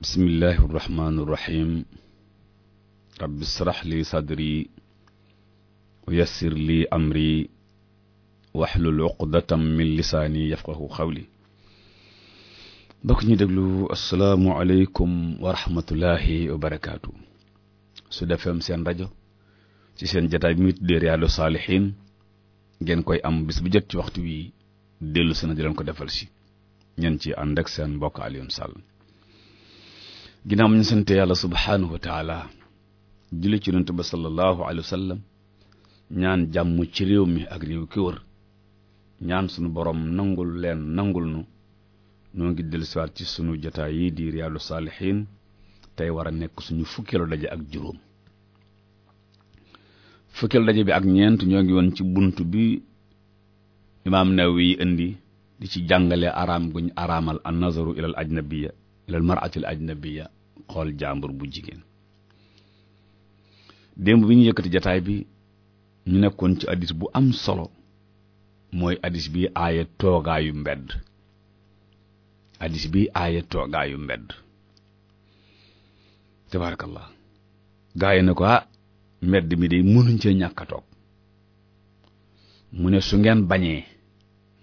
bismillahi irrahmani irrahim rabbi israh li sadri wa yassir li amri waxlul uqdatam min lisaani yafqahu xawli bokk ñu déglu asalaamualeykum wa rahmatullahi wa barakaatu su defeem seen rajo ci seen jataay bi muy tuddee Riyadou Salihine ngeen koy am bis bu jot ci waxtu wi dellu seen a di ko defal ci ñeen ci ànd seen mbokk Alioune Sall ginaaw ma ñu sante yàlla subhaanahu wa taala julli ci yonent ba sallallahu alayhi wa sallam ñaan jàmm ci réew mi ak réew ki wër ñaan sunu borom nangul leen nangul nu noo ngi dellusiwaat ci sunu jotaay yi di riyaadu saalihiin tey war a nekk suñu fukkeelu daje ak juróom fukkeelu daje bi ak ñeent ñoo ngi woon ci bunt bi imaam Nawawi indi di ci jàngale araam guñ araamal an nazaru ilal ajnabiya ilal mar'atil ajnabiyya xool jàmbur bu jigéen démb bi ñu yëkkati jataay bi ñu nekkoon ci addis bu am solo mooy addis bi aaye toogaayu mbedd bi aaye toogaayu mbedd tabaarakallah gaa yi ne ko ah mbedd mi de mënuñ cee ñàkk a toog mu ne su ngeen bañee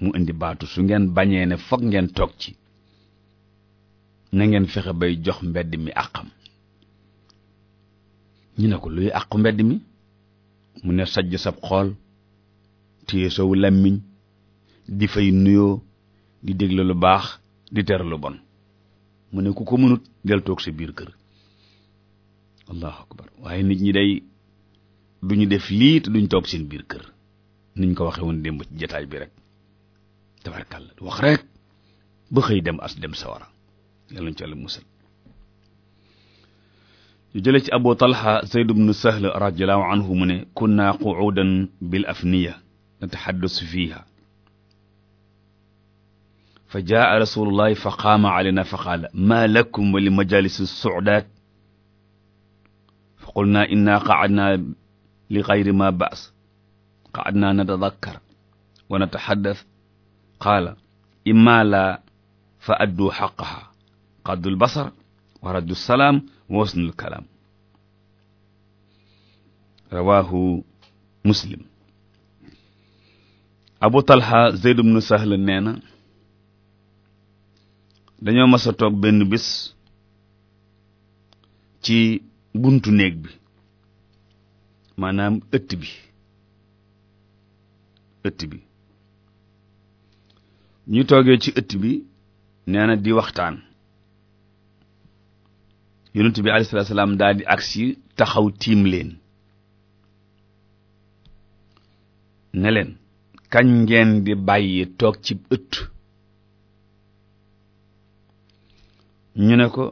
mu indi baatu su ngeen bañee ne foog ngeen toog ci na ngeen fexe bay jox mbedd mi àqam ñu ne ko luy àqu mbedd mi mu ne sajj sab xool téye sowu làmmiñ di fay nuyoo di déglu lu baax di ter bon mu ne ku ko mënut del toog sa biir kër allahu akbar waaye nit ñi day ñu def lii te duñ toog seen biir kër niñ ko waxe woon démb ci jataay bi rek tabarkàlla wax rek ba xëy dem as dem sawara yàlla ñu ci yàlla musal ñu jële ci abu talha zayd ibn sahl radiyallahu anhu mu ne kunna qu'udan bil afniya natahaddasu fiha fa jaa rasulullahi fa qaama alayna fa qaala ma lakum wa li majalisi su'udaat fa qulna inna qa'adna li ghayri ma ba's qa'adna natadhakkar wa natahaddath qaala imma la fa addu haqqaha qaddul basar wa raddu salaam wa husnul kalaam rawaahu muslim abu talha zeyd ibnu sahl nee na dañoo mas a toog benn bis ci buntu néeg bi maanaam ëtt bi ëtt bi ñu toogee ci ëtt bi nee na di waxtaan yonent bi alayhi salaatu salaam daal di agsi taxaw tiim leen ne leen kañ ngeen di bàyyi toog ci ëtt ñu ne ko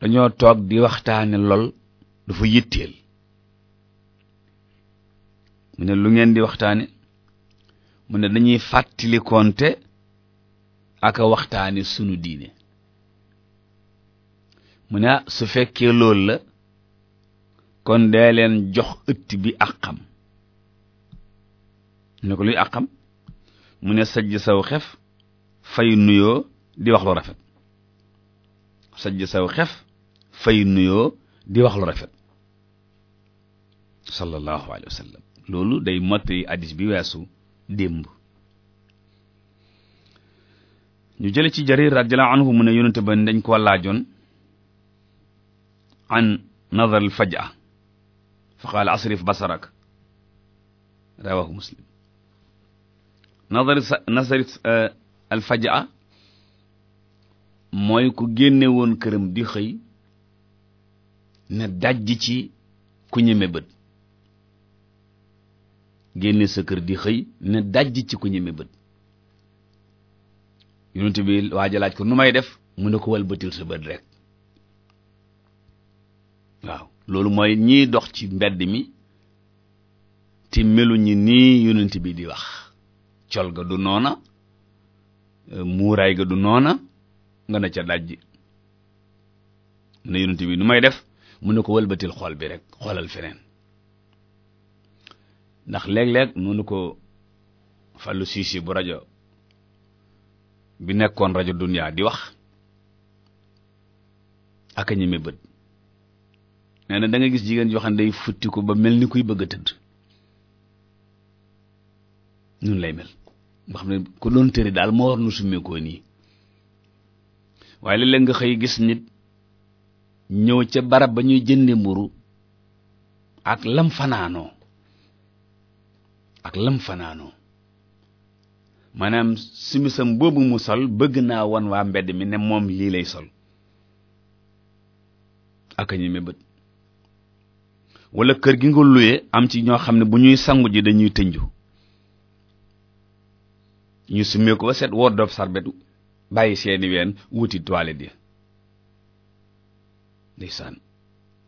dañoo toog di waxtaane lool dafa yitteel mu ne lu ngeen di waxtaane mu ne dañuy fàttalikoonte ak a waxtaane sunu diine mu ne su fekkee loolu la kon dee leen jox ëtt bi àqam ne ko luy àqam mu ne sajj saw xef fay nuyoo di wax lu rafet sajj saw xef fay nuyoo di wax lu rafet sallallahu alayhi wa sallam loolu day mottali addis bi weesu démb ñu jële ci Jarir radiyallahu anhu mu ne yonente ba dañ koo laajoon an nadar al faj'a fa qaala asrif basarak rawahu muslim nadar nasari eh, al mooy ku génne këram di xëy na dajj ci ku ñeme bët génne sa kër di xëy na dajj ci ku ñeme bët yonent bi waaja laaj ko nu may def mu ne ko walbatil sa bët rek waaw loolu mooy ñiy dox ci mbedd mi te meluñu nii yonent bi di wax col ga du noona euh, muuraay ga du noona nga na ca dajji mu ne bi nu may def mu ne ko wëlbatil xool bi rek xoolal feneen ndax léeg-léeg mënu ko fàllu siisi bu rajo bi nekkoon rajo dunya di wax ak a ñeme bët nee na gis jigéen joo ne day futti ko ba mel ni kuy bëgg a tëdd nun lay mel nga xam ne ku doon tëri daal moo war nu summeekoo nii waaye léeg-léeg nga xëy gis nit ñëw ca barab ba ñuy jënde mburu ak lam fanaanoo ak lam fanaanoo maanaam simisam boobu mu sol bëgg naa won waa mbedd mi ne moom lii lay sol ak a ñeme bët wala kër gi nga luye am ci ñoo xam ne bu ñuy sangu ji dañuy tënju ñu summee ba set woor doof sarbetu bàyyi seeni ween wuti toilette yi ndeysaan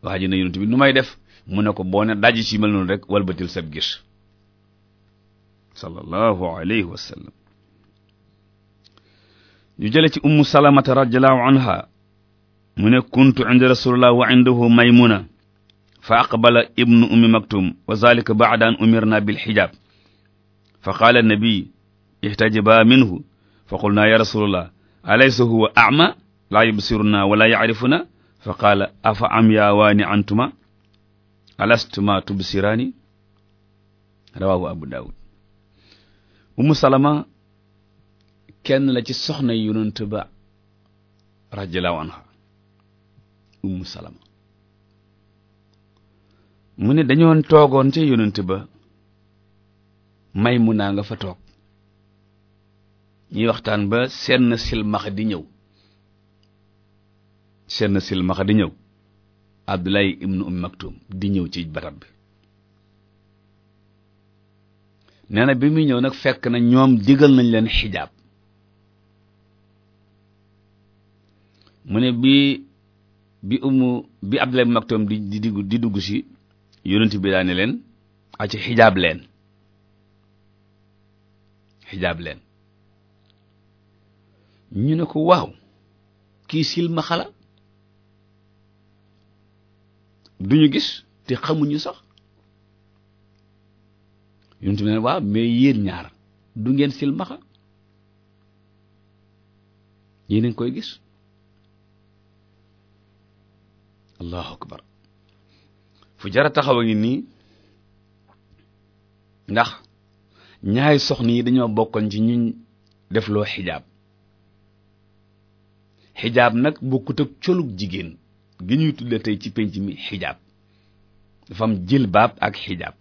waa ji na yonent nu may def mu ne ko boo daj ci mel noonu rek walbatil sab gis sallallahu alayhi jële ci ummu salamata radiyallahu anha mu ne kuntu inda rasulillah wa indahu maymuna fa aqbala ibnu ummi maktum wa zalika baada an umirna bilxijaab fa qaala nabi ihtajaba minhu fa qulna ya rasulallah alaysa huwa ama laa yubsiruna wala yarifuna fa qaala afa amyaawaani antuma alastuma tubsiraani rawahu abu daawud umu salama kenn la ci soxna yonent ba radiyallahu anha umu salama mu ne dañoon toogoon ca yonent ba may Maymuna nga fa toog ñuy waxtaan ba senn silmaxa di ñëw senn silmaxa di ñëw Abdullahi ibnu Umm Maktum di ñëw ci barab bi nee na bi muy ñëw nag fekk na ñoom digal nañ leen xijaab mu ne bi bi umu bi Abdullahi ibnu Maktum di di di dugg si yonent bi daane leen a ci xijaab leen xijaab leen ñu ne ko waaw kii silma xala duñu gis te xamuñu sax yonent bi ne waaw mais yéen ñaar du ngeen silmaxa yéen a koy gis allahu akbar fu jara taxaw a ngi nii ndax ñaari soxna yi dañoo bokkoon ci ñuñ def loo xijaab xijaab nag bokkut ak colug jigéen gi ñuy tudde ci penc mi xijaab dafam am jilbaab ak xijaab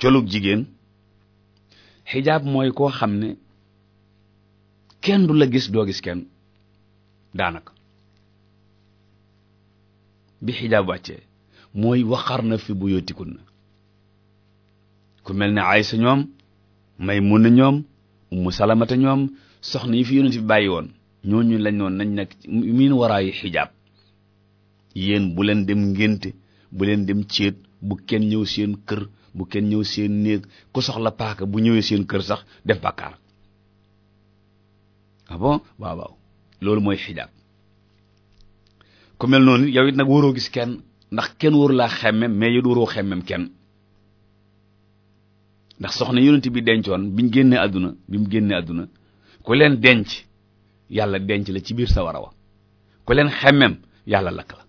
colug jigéen xijaab mooy koo xam ne kenn du la gis doo gis kenn daanaka bi xijaab wàccee mooy na fi na ku mel na ne Aysa ñoom na ñoom Ummu Salamata ñoom soxna yi fi yonent bàyyi woon ñooñu lañ noon nañ nekk miin waraayu xijaab yéen bu leen dem ngénte bu leen dem céet bu kenn ñëw seen kër bu kenn ñëw seen néeg ku soxla paaka bu ñëwee seen kër sax def bàkkaar ah bon loolu mooy xijaab ku mel noonu yow it nag waroo gis kenn ndax kenn waru laa xemmem mais yow waroo xemmem kenn ndax soxna yonent bi dencoon biñ génnee àdduna bi mu génnee àdduna ku leen denc yàlla denc la ci biir sawara wa ku leen xemmem yàlla lakk la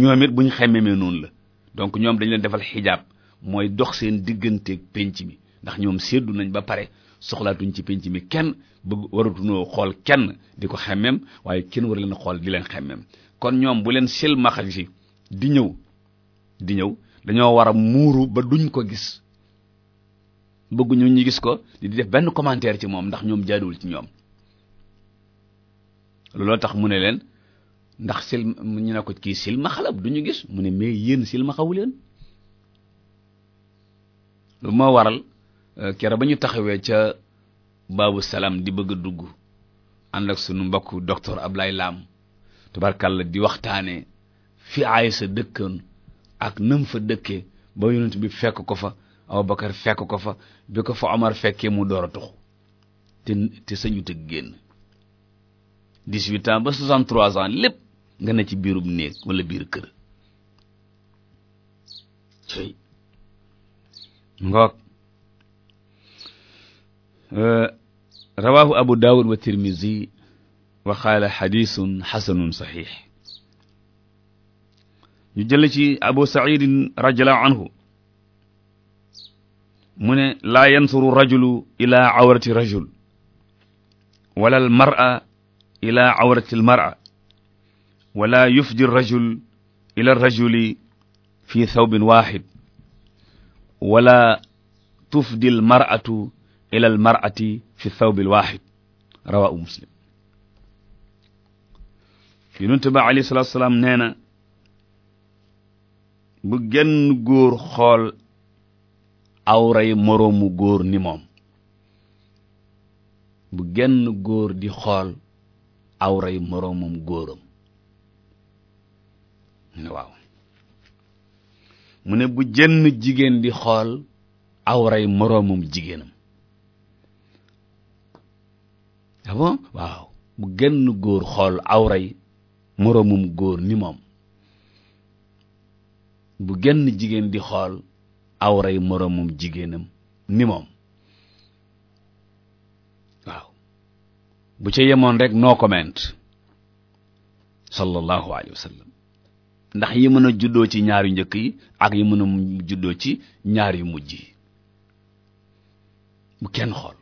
ñoom it buñ xemmemee noonu la donc ñoom dañ leen defal xijaab mooy dox seen digganteeg penc mi ndax ñoom seddu nañ ba pare soxlaatuñ ci penc mi kenn bëgg waratuñoo xool kenn di ko xemmem waaye kenn war leen xool di leen xemmem kon ñoom bu leen silmaxa si di ñëw di ñëw dañoo war a muuru ba duñ ko gis bëgguñu ñu gis ko di def benn commentaire ci moom ndax ñoom jaaduwul ci ñoom looloo tax mu ne leen ndax sil ñu ne ko kii silmaxa la ñu gis mu ne mais yéen silmaxawu leen lu moo waral euh, kere ba ñu taxawee ca baabu salaam di bëgg a dugg ànd ak sunu mbokk docteur Ablaye Lam tubarkalla di waxtaane fi Aysa dëkkoon ak nam fa dëkke ba yonent bi fekk ko fa Abubakar fekk ko fa bi ko fa Omar fekkee mu door a tuxu te te sañu tëg génn dix-huit ans ba soixante-trois ans lépp nga ne ci biirub néeg wala biir kër coy ngoog euh, rawahu Abu Dawud wa Tirmizi wa qaala xadiisun xasanun saxiix ñu jël ci abu saidin radiallahu anhu mu ne laa yansuru rajulu ila awrati rajul wala al mara ila awrati al mara wala yufdi rajul ila rajuli fi thawbin waxid wala tufdi al maratu ila al marati fi thawbi al waxid rawahu muslim yonent ba alayhi salaam nee na bu genn góor xool awray moroomu góor ni moom bu genn góor di xool awray moroomum góoram waaw mu ne bu jenn jigéen di xool awray moroomum jigéenam ah waaw bu genn góor xool aw awray moroomum góor ni moom bu genn jigéen di xool awray moroomum jigéenam ni moom waaw bu ca yemoon rek no comment sallallahu alayhi wa sallam ndax yi mën a juddoo ci ñaar yu njëkk yi ak yi mën a juddoo ci ñaar yu mujj yi bu kenn xool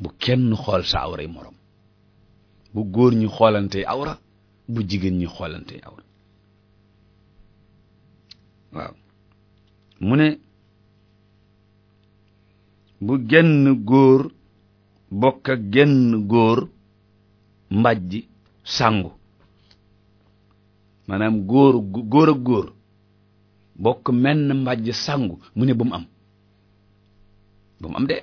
bu kenn xool sa awray moroom bu góor ñi xoolante awra bu jigéen ñi xoolante awra waaw mu ne bu genn góor bokk ak genn góor mbàjj sangu maanaam góor góor góor bokk menn mbàjj sangu mu ne bu mu am bu mu am de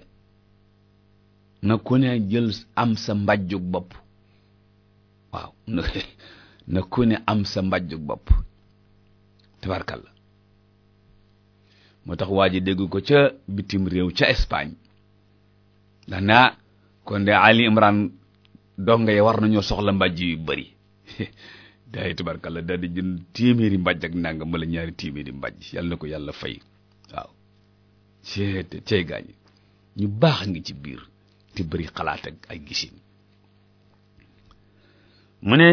na ku ne jël am sa mbàjjug bopp waaw na ku ne am sa mbàjju bopp tabarkalla moo tax waa ji dégg ko ca bitim réew ca Espagne danaa kon de Ali Imran dong ya war nañoo soxla mbàjj yu bëri day tabarkalla daal di jënd téeméeri mbàjj ak nangam wala ñaari téeméeri mbàjj yàlla na ko yàlla fay waaw cee cey ñu baax ngi ci biir te bëri xalaat ak ay gisin mu ne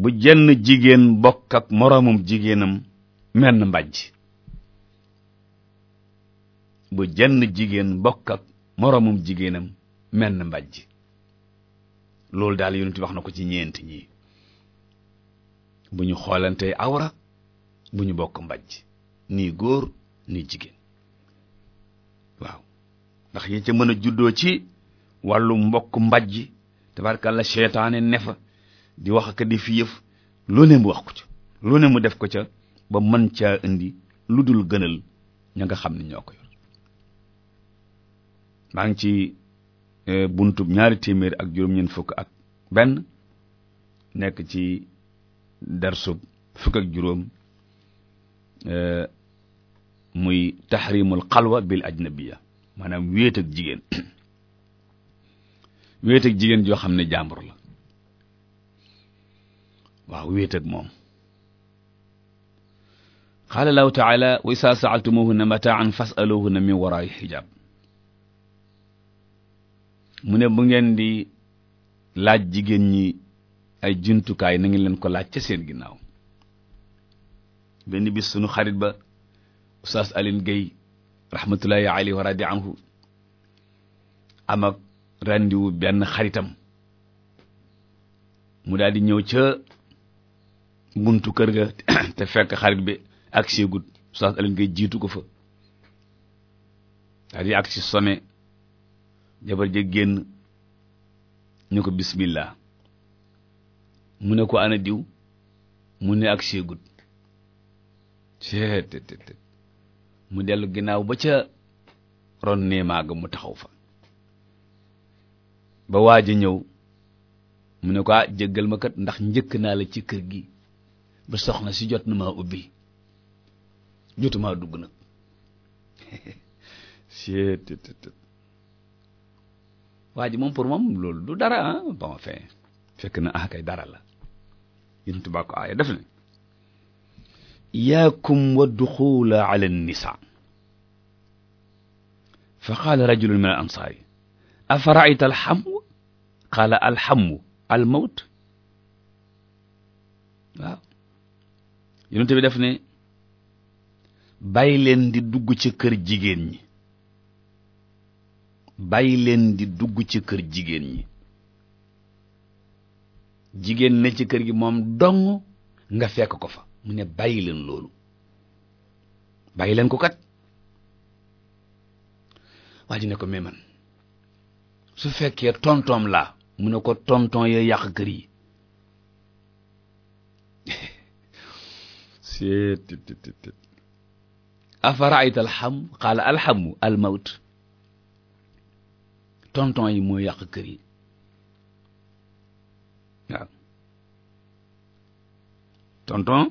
bu jenn jigéen bokk ak moroomum jigéenam menn mbàjj bu jenn jigéen bokk ak moroomum jigéenam menn mbàjj loolu daal yonent wax na ko ci ñeent ñi bu ñu xoolantee awra bu ñu bokk mbàjj nii góor nii jigéen waaw ndax yi ca mën a juddoo ci wàllum mbokk mbàjj tabarkalla seytaane ne fa di wax a di fi yëf loo ne mu wax ko ca loo mu def ko ca ba man caa indi lu dul gënal ña nga xam ne ñoo ko yor maa ngi ci eh, buntu ñaari téeméer ak juróom-ñeent fukk ak benn nekk ci darsub fukk ak juróom eh, muy tahrimul xalwa bil ajnabiya maanaam wéet ak jigéen wéet ak jigéen joo xam ne jàmbur la waaw wéet ak moom qaala allahu taala wa isa saaltumuhunna mataan fasaluhunna min waraai xijaab mu ne bu ngeen di laaj jigéen ñi ay jumtukaay na ngeen leen ko laaj ca seen ginnaaw benn bis sunu xarit ba oustaz Aline Gueye rahmatullahi alayhi anhu am ak rendiwu benn xaritam mu daldi ñëw ca buntu kër ga te fekk xarit bi ak seegut saa alin ngay jiitu ko fa daal ak si sone jabar ja génn ñu ko bismillah mu ne ko ana diw mu ne ak seegut seet mu dellu ginnaaw ba ca ron néemaa ga mu taxaw fa ba waaj a ñëw mu ne ko ah jéggal ma kat ndax njëkk naa la ci kër gi ba soxna si jot na maa ubbi jotumaa dugg nag waa ji moom pour moom loolu du dara ah bon enfin fekk na ah kay dara la yéen tubaab ko aaya def ne iyaakum wa duxula ala nisa fa qaala rajulun min al ansaari afara'ayta al xam xaala alxamu almawt waaw yonent bi def ne bàyyileen di dugg ci kër jigéen ñi bàyyi leen di dugg ci kër jigéen ñi jigéen ne ci kër gi moom dong nga fekk ko fa mu ne bàyyi leen loolu bàyyileen leen ko kat waa ji ne ko mais su fekkee tontoom la mu ne ko tonton ya yàq kër yi afara'ayta alxam qaala alxamu almawt tonton yi mooy yàq kër yi waaw tonton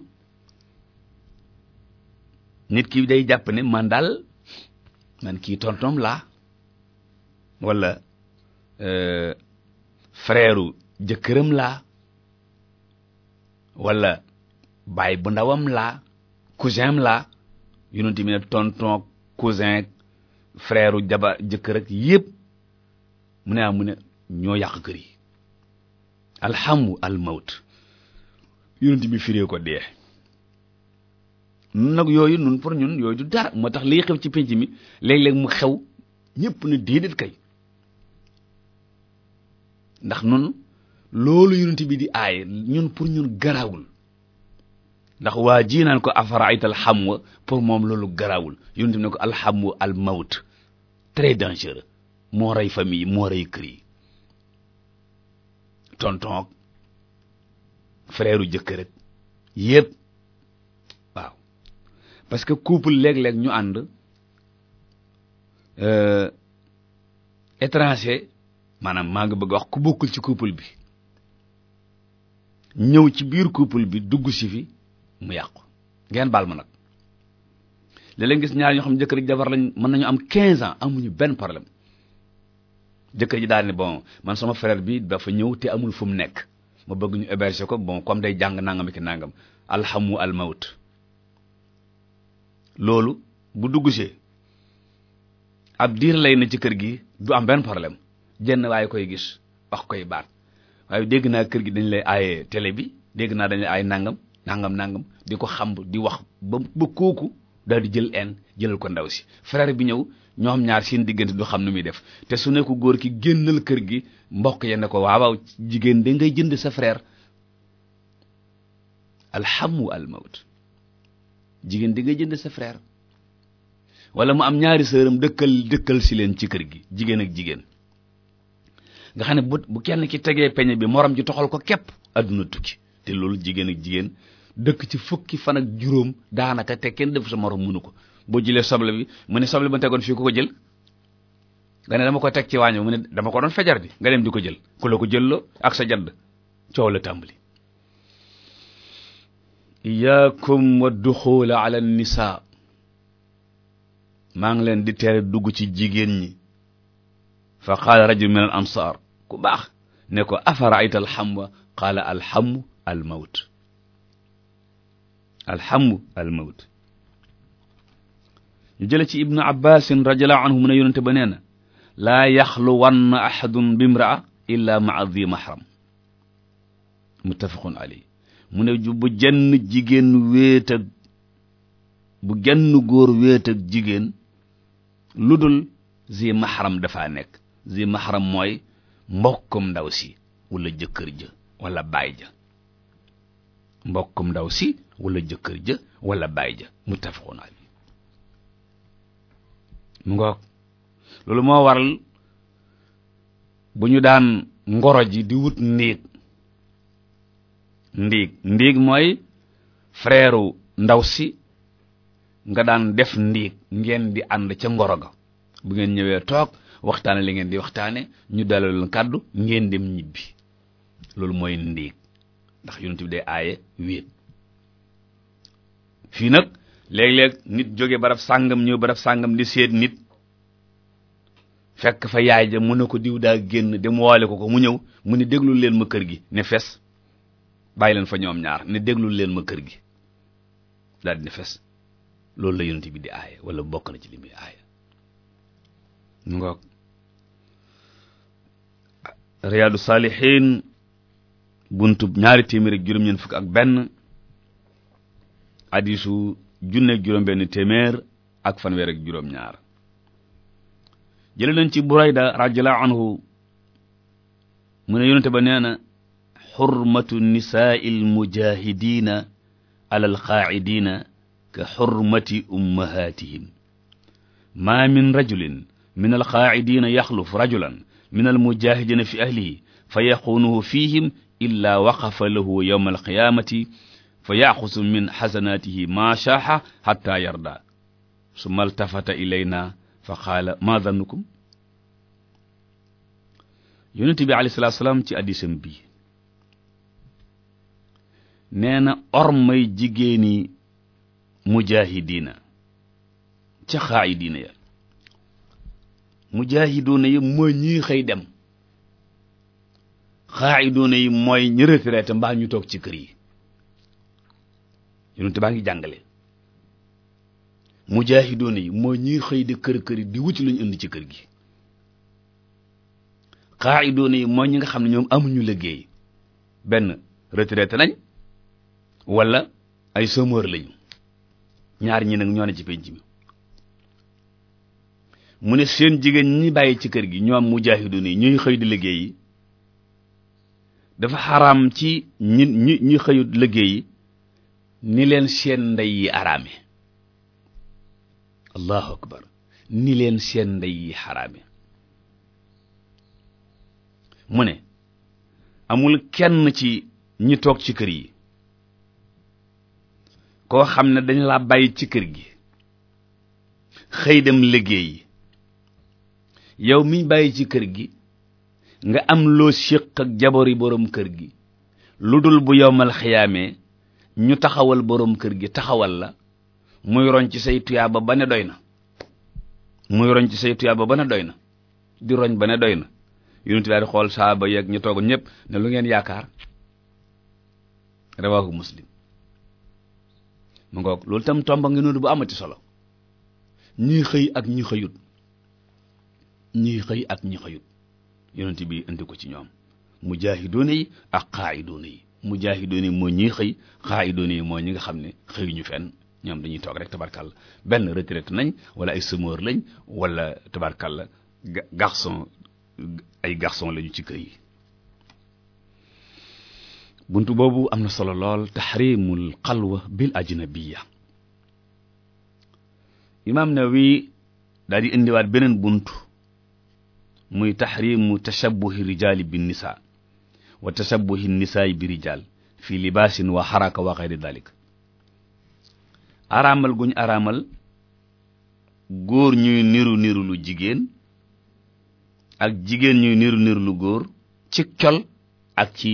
nit ki day jàpp ne man daal man kii tontom laa wala Euh, freeru jëkkëram laa walla baay bu ndawam laa cousin am laa yonent bi ne tonton cousin frère jaba jëkkër ak yépp mu ne ah, mu ne ñoo yàq kër yi alxamu almawt yonent bi firee ko dee nun nag yooyu nun pour ñun yooyu du dara moo tax liy xew ci pénc mi léeg-léeg mu xew ñépp ne déedéet kay ndax nun loolu yonent bi di aaye ñun pour ñun garawul ndax waa jii naan ko xam alxamwa pour moom loolu garaawul yonent bi ne ko alxamwa al mawt très dangereux moo rey famille moo rey kër yi tonton ak frère u yépp waaw parce que couple léeg-léeg ñu ànd euh, étranger maanaam maa ngi bëgg wax ku bokkul ci couple bi ñëw ci biir couple bi dugg si fi mu yàqu ngeen baal ma nag léeg-léeg gis ñaar yoo xam jëkkër ak jabar lañ mën nañu am 15 ans amuñu benn problème jëkkër ji daal bon man sama frère bi dafa ñëw te amul fu mu nekk ma bëgg ñu héberger ko bon comme day jàng nangam ki nangam alxamu almawt loolu bu dugg see ab diir lay na ci kër gi du am benn problème jenn waaye koy gis wax koy baat waaye dégg naa kër gi dañ lay ay télé bi dégg naa dañ lay nangam nangam nangam di ko xamb di wax ba ba kooku daal di jël en jëlal ko ndaw si frère bi ñëw ñoom ñaar seen diggante du xam nu muy def te su ne ko góor ki génnal kër gi mboq ya ne ko waawaaw jigéen di ngay jënd sa frère alhamu almawt jigéen di nga jënd sa frère wala mu am ñaari sëram dëkkal dëkkal si leen ci kër gi jigéen ak jigéen nga xam ne bu bu kenn ki tegee peñe bi morom ji toxal ko képp adduna tukki te loolu jigéen ak jigéen dëkk ci fukki fan ak juróom daanaka te kenn def sa morom mënu ko boo jëlee soble bi mu ne soble ba tegoon fii ku ko jël nga ne ko teg ci waañu mu ne dama ko doon fajar bi nga dem di ko jël ku ko jëlloo ak sa jadd coow la tàmbali iyaakum wa duxuul ala nisaa maa ngi leen di tere dugg ci jigéen ñi fa qaala rajul min al ansaar ku baax ne ko afara'ayta alxamwa qaala alxamu almawt alxamu almawt ñu jële ci ibnu mu ne yonente ba nee na laa yaxluwanna ahadun bimraa illa maa di mahram muttafaqun aley mu ne bu jenn jigéen wéet bu genn góor wéet jigéen lu dul zi mahram dafaa nekk zi mahram mooy mbokkum ndaw si walla jëkkër ja walla baay ja mbokkum ndaw si walla jëkkër ja wala baay ja muttafaqun alayhi mu ngoog loolu moo waral bu ñu daan ngoro ji di wut ndiig ndiig ndiig mooy freeru ndaw si nga daan def ndiig ngeen di ànd ca ngoro ga bu ngeen ñëwee toog waxtaane li ngeen di waxtaane ñu dalal kàddu ngeen dem ñibbi loolu mooy ndéeg ndax yonent bi day aaye wéet fii nag léeg-léeg nit jóge barab sàngam ñëw barab sàngam di seet nit fekk fa yaay ja mu ne ko diw daa génn dem woole ko ko mu ñëw mu ne déglu leen ma kër gi ne fes bàyyi leen fa ñoom ñaar ne déglu leen ma kër gi daal di ne fes loolu la yonent bi di aaye wala bokk na ci li muy mu ngoog riyaadu saalihiin buntu ñaari téeméer ak juróom-ñeent fukk ak benn hadiisu junne juróom-benn téeméer ak fanweer ak juróom-ñaar jële ci Burayda radiyallahu mu ne yonente ba nee na xurmatu nisaa'il mujaahidiina alal qaa'idiina ka xurmati ummahaatihim maa min rajulin min alqaacidiina yaxluf rajulan min almujaahidiina fi ahlihi fa yaquunuhu fihim illa waqafa lahu yowma alqiyaamati fa yaxusu min xasanaatihi maa shaaxa xatta yarda summa altafata ilayna fa qaala maa dannukum yonent bi alayhi salaatu salaam ci addisam bi nee na ormay jigéeni mujaahidiina ca xaayidiina ya mujaahidoona yi mooy ñuy xëy dem xaa'idoona yi mooy ñi retraité mbaa ñu toog ci kër yi yonent baa ngi jàngale mujaahidoona yi mooy ñuy xëy di kër kër yi di wuti lu ñu indi ci kër gi xaa'idoona yi mooy ñi nga xam ne ñoom amuñu liggéey benn retraité nañ wala ay chômeur lañu ñaar ñi nag ñoo ne ci penc mi mu ne seen jigéen ñi bàyyi ci kër gi ñoom am mujaahidu ni ñuy xëy di liggéey dafa xaram ci ñi ñi ñi xëyut liggéey ni leen seen ndey yi araame allahu akbar ni leen seen ndey yi xaraame mu ne amul kenn ci ñi toog ci kër yi koo xam ne dañ la bàyyi ci kër gi xëy dem liggéey yow miñ bàyyi ci kër gi nga am loo séq ak jabori boroom kër gi lu dul bu yowmal xiyaamee ñu taxawal boroom kër gi taxawal la muy roñ ci say tuyaaba ba ne doy na muy ci say ba ne doy na di roñ ba ne doy na yonent bi daal di xool saaba yeeg ñu toogoon ñëpp ne lu ngeen yaakaar rawaahu muslim mu ngoog loolu tam tomba nga noonu bu amati solo ñii xëy ak ñi xëyut ñiy xëy ak ñi xëyut yonent bi indi ko ci ñoom mujaahidoona yi ak xaayidoona yi mujaahidoona yi moo ñiy xëy xaayidoona yi mooy ñi nga xam ne xëyuñu fenn ñoom dañuy toog rek tabarkalla benn retraite nañ wala ay semeur lañ wala tabarkalla garçon ay garson lañu ci kër yi bunt boobu am na solo lool tahrimul xalwa bil ajnabiya imaam Nawawi daal di indiwaat beneen bunt muy taxrimu tashabbuhi rijaali bi nisaa wa tashabbuhi nisaayi bi rijaal fii libaasin wa xaraka wa xeyri dalik araamal guñ araamal góor ñuy niru niru lu jigéen ak jigéen ñuy niru niru lu góor ci col ak ci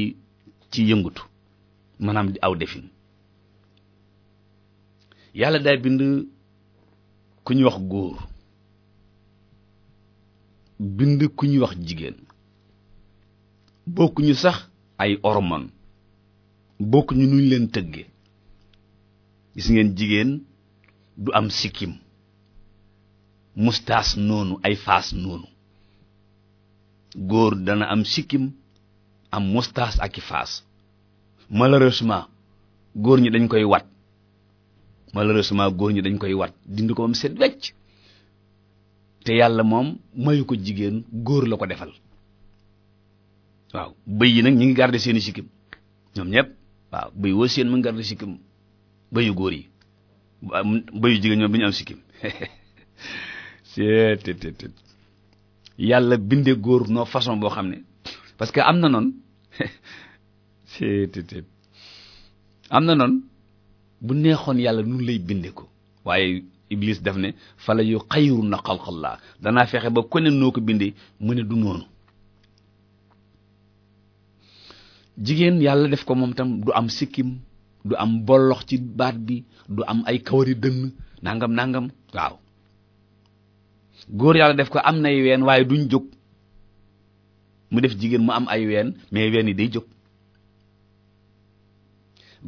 ci yëngutu maanaam di aw defin yàlla daa bind ku ñu wax góor bind ku ñuy wax jigéen bokkuñu sax ay hormone bokkuñu nuñ leen tëggee gis ngeen jigéen du am sikkim mustaas noonu ay faas noonu góor dana am sikkim am mustaas ak i faas malheureusement góor ñi dañ koy wat malheureusement góor ñi dañ koy wat dindi ko ba mu wecc te yàlla moom mayu ko jigéen góor la ko defal waaw bëy yi nag ñu ngi garde seeni sikkim ñoom ñëpp waaw bëy woo seen mu ngi garder sikkim bëyu góor yi bëyu jigéen ñoom bi ñu am sikkim seet yàlla binde góor noo façon boo xam ne parce que am na noonu seet am na noon bu neexoon yàlla nun lay binde ko waaye Iblis def ne fala yu xayru na xalqallaa danaa fexe ba ko ne noo ko bindee mu ne du noonu jigéen yàlla def ko moom tam du am sikkim du am bollox ci baat bi du am ay kawari dënn nangam nangam waaw góor yàlla def ko am nay ween waaye duñ jóg mu def jigéen mu am ay ween mais ween yi day jóg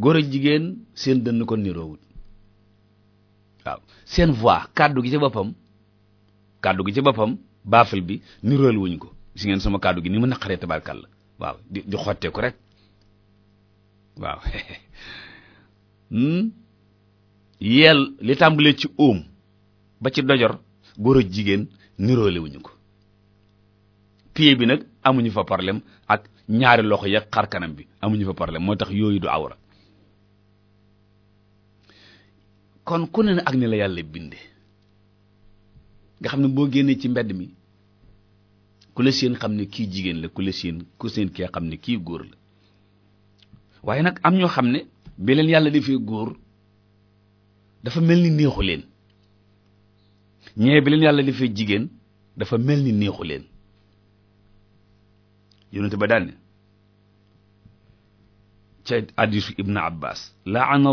góor ak jigéen seen dënn ko niroowut waaw seen voix kàddu gi ci boppam kàddu gi ci boppam baafal bi nirool wuñ ko gis ngeen sama kàddu gi ni ma naqaree la waaw di di xotteeku rek waaw hmm? yeel li tàmbalee ci óom ba ci dojor góor ak jigéen niroole wuñu ko pied bi nag amuñu fa problème ak ñaari loxo yeeg xar kanam bi amuñu fa problème moo tax yooyu du awra kon ku ne na ak ni la yàlla binde nga xam ne boo génnee ci mbedd mi ku la seen xam ne kii jigéen la ku la seen ku seen kee xam ne kii góor la waaye nag am ñoo xam ne bi leen yàlla defee góor dafa mel ni neexu leen ñee bi leen yàlla defee jigéen dafa mel ni neexu leen yonente ba daal ne ca hadisu ibnu abbas laana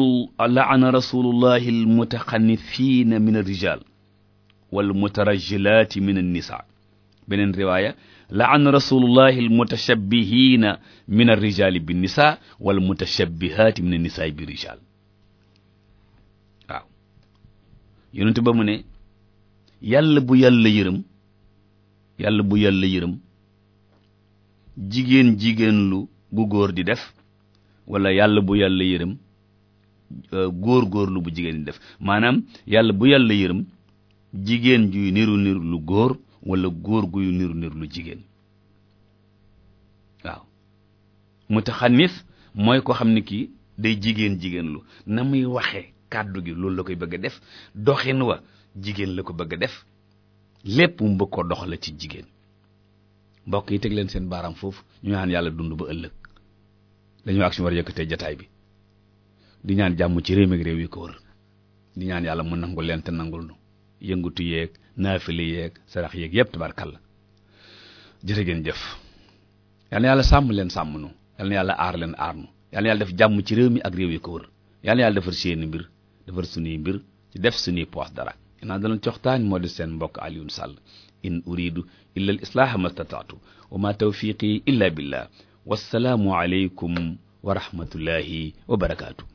laana rasulullahi almutaxannifiina min alrijal walmutarajilati min annisa beneen riwaaya laana rasulullahi almutashabbihiina min alrijali bi nisa walmutashabbihati min annisaai bi rijal waaw yonentu ba mu ne yàlla bu yàlla yërëm yàlla bu yàlla yërëm jigéen jigéen lu bu góor di def wala yàlla bu yàlla yërëm euh, góor góorlu bu jigéen ñi def maanaam yàlla bu yàlla yërëm jigéen juy niru niru lu góor wala góor guy niru niru lu jigéen waaw mutaxannis mooy ko xam ne kii day jigéen jigéen lu na muy waxe kàddu gi loolu la koy bëgg def doxin wa jigéen la ko bëgg a def lépp mu bëgg ko doxala ci jigéen mbokk yi teg leen seen baaraam foofu ñu ñaan yàlla dund ba ëllëg dañoo ak suñu war a yëkkatee jataay bi di ñaan jàmm ci réew mi réew yi ko wër di ñaan yàlla mu nangu leen te nangul nu yëngutu yeeg naafili yeeg sarax yeeg yëpp tabarkalla jërë geen jëf yal na yàlla sàmm leen sàmm nu yal na yàlla aar leen aar nu yal na yàlla def jàmm ci réew mi ak réew yi ko wër yal na yàlla defar seeni mbir defar suñuy mbir ci def suñuy poos dara naa dana coxtaañ moo di seen mbokk Alioune sàll in uridu illa al wassalaamu aleykum wa rahmatullahi wa barakaatu.